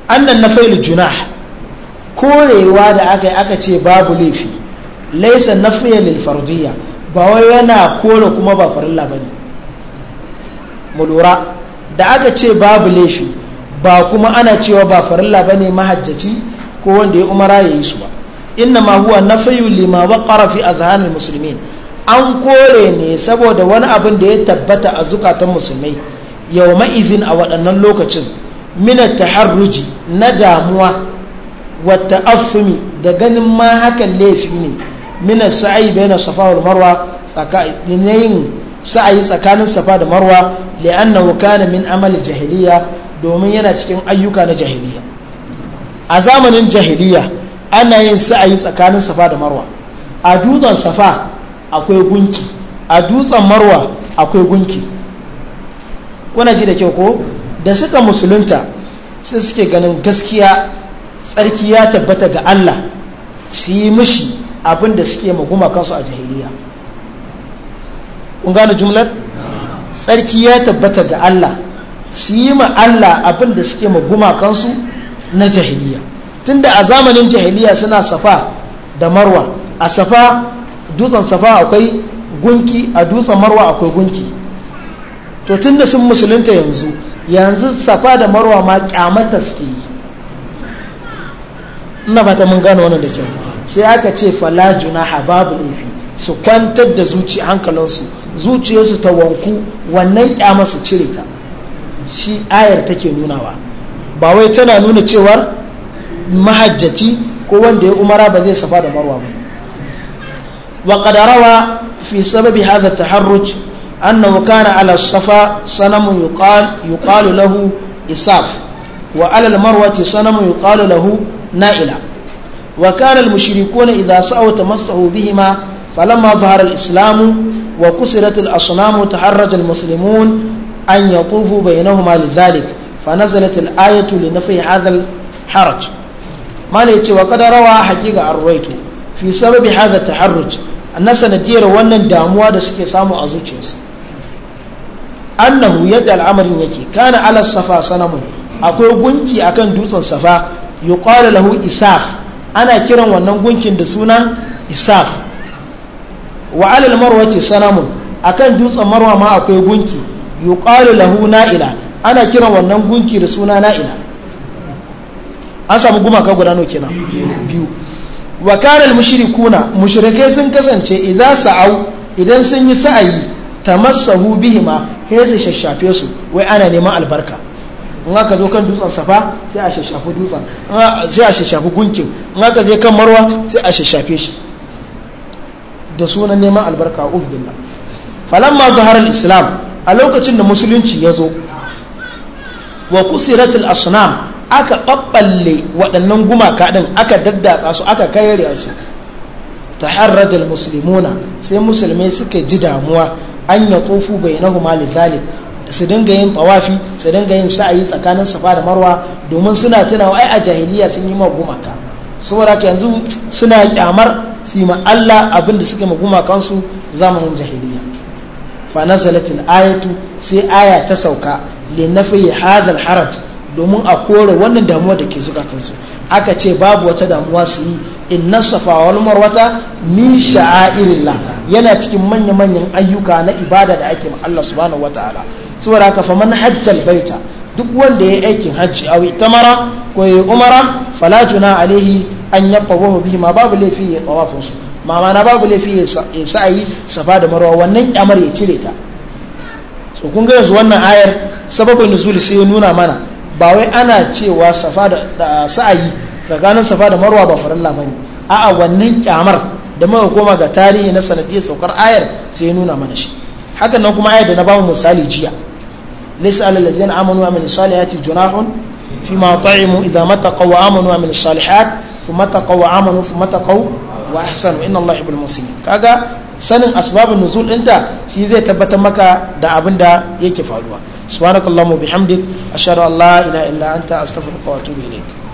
Speaker 1: annan nafailu junah korewa da aka yi aka ce babu laifi laisa na lil fardiyya ba wai yana kore kuma ba farilla bane mu da aka ce babu laifi ba kuma ana cewa ba farilla ne mahajjaci ko wanda ya umara ya yi su ba inna ma huwa nafyu lima waqara fi azhanil muslimin an kore ne saboda wani abin da ya tabbata a zukatan musulmai yawma izin a waɗannan lokacin mina taharruji na damuwa wata afumi da ganin ma hakan laifi ne mina sa'ai bai na safa wal marwa tsakanin yin sa'ayi tsakanin safa da marwa li'annahu kana min amal jahiliya domin yana cikin ayyuka na jahiliya a zamanin jahiliya ana yin sa'ayi tsakanin safa da marwa a dutsen safa akwai gunki a dutsen marwa akwai gunki kuna ji da kyau ko da suka musulunta sai suke ganin gaskiya tsarki ya tabbata ga allah su yi mishi abin da suke maguma kansu a jahiliya kun gane jumlar tsarki ya tabbata ga Allah su yi ma Allah abin da suke ma kansu na jahiliya tunda a zamanin jahiliya suna safa da marwa a safa dutsen safa akwai gunki a dutsen marwa akwai gunki to tunda sun musulunta yanzu yanzu safa da marwa ma kyamata suke yi ina fata mun gano wannan da kyau sai aka ce fala junaha babu laifi su kwantar da zuci hankalinsu zuciyarsu ta wanku wannan kyama su cire ta shi ayar take nunawa bawai tana nuna cewar mahajjaci ko wanda ya umara ba zai safa da marwa ba wa qadarawa fi sababi hadha taharruj annahu kana ala safa sanamun yuqal lahu isaf wa ala almarwati sanamun yuqalu lahu na'ila wa kana almushrikuna idha sa'u tamassahu bihima falamma dhahara alislamu وكسرت الأصنام تحرج المسلمون أن يطوفوا بينهما لذلك فنزلت الآية لنفي هذا الحرج ما ليتي وقد روى حقيقة الرويت في سبب هذا التحرج الناس ندير wannan damuwa da suke samu a zuciyarsu annahu yadda al'amarin yake kana ala safa sanamun akwai gunki akan dutsen safa yuqala lahu isaf ana kiran wannan gunkin da sunan isaf wa alal ce sanamun akan dutsen marwa ma akwai gunki yuqalu lahu na'ila ana kiran wannan gunki da suna na'ila an samu gumaka guda nawa na biyu wa kana mushrikuna mushrike sun kasance idza sa'au idan sun yi sa'ayi tamassahu bihima sai su shashafe su wai ana neman albarka in aka zo kan dutsen safa sai a shashafi gunkin in aka je kan marwa sai a shashafe shi da sunan neman albarka uf billah falamma zaharar islam a lokacin da musulunci ya zo wa kusiratul asnam aka ɓaɓɓalle waɗannan gumaka ɗin aka daddatsa su aka kayar su taharrajal musulmuna sai musulmai suka ji damuwa an ya tofu bai na humali zalit su dinga yin tawafi su dinga yin sa'ayi tsakanin safa da marwa domin suna tunawa ai a jahiliya sun yi ma gumaka saboda yanzu suna kyamar su ma Allah abin da suke maguma kansu zamanin jahiliya fa nazalatil ayatu sai aya ta sauka li nafi hadal haraj domin a kore wannan damuwa da ke zukatansu aka ce babu wata damuwa su yi inna safa wal marwata min sha'airillah yana cikin manya manyan ayyuka na ibada da ake ma Allah subhanahu wataala saboda haka fa man hajjal baita duk wanda ya aikin hajji aw itamara ko ya umara fala juna alaihi an ya tawafa bihi ma babu laifi ya tawafin su mama babu laifi ya sa'ayi safa da marwa wannan kyamar ya cire ta so kun ga yanzu wannan ayar sababin nuzul sai ya nuna mana ba wai ana cewa safa da sa'ayi tsakanin safa da marwa ba farilla bane a'a wannan kyamar da muka koma ga tarihi na sanadiyar saukar ayar sai ya nuna mana shi hakan nan kuma ayar da na bamu misali jiya laysa alal ladzina amanu wa amilus salihati junahun fima ta'imu idza mattaqaw wa amanu wa amilus salihat thumma taqaw wa amanu thumma wa ahsanu inna Allah yuhibbul musulmi kaga sanin asbabun nuzul ɗinta shi zai tabbatar maka da abin da yake faruwa subhanakallahumma bihamdik ashhadu an la ilaha illa anta astaghfiruka wa atubu ilayk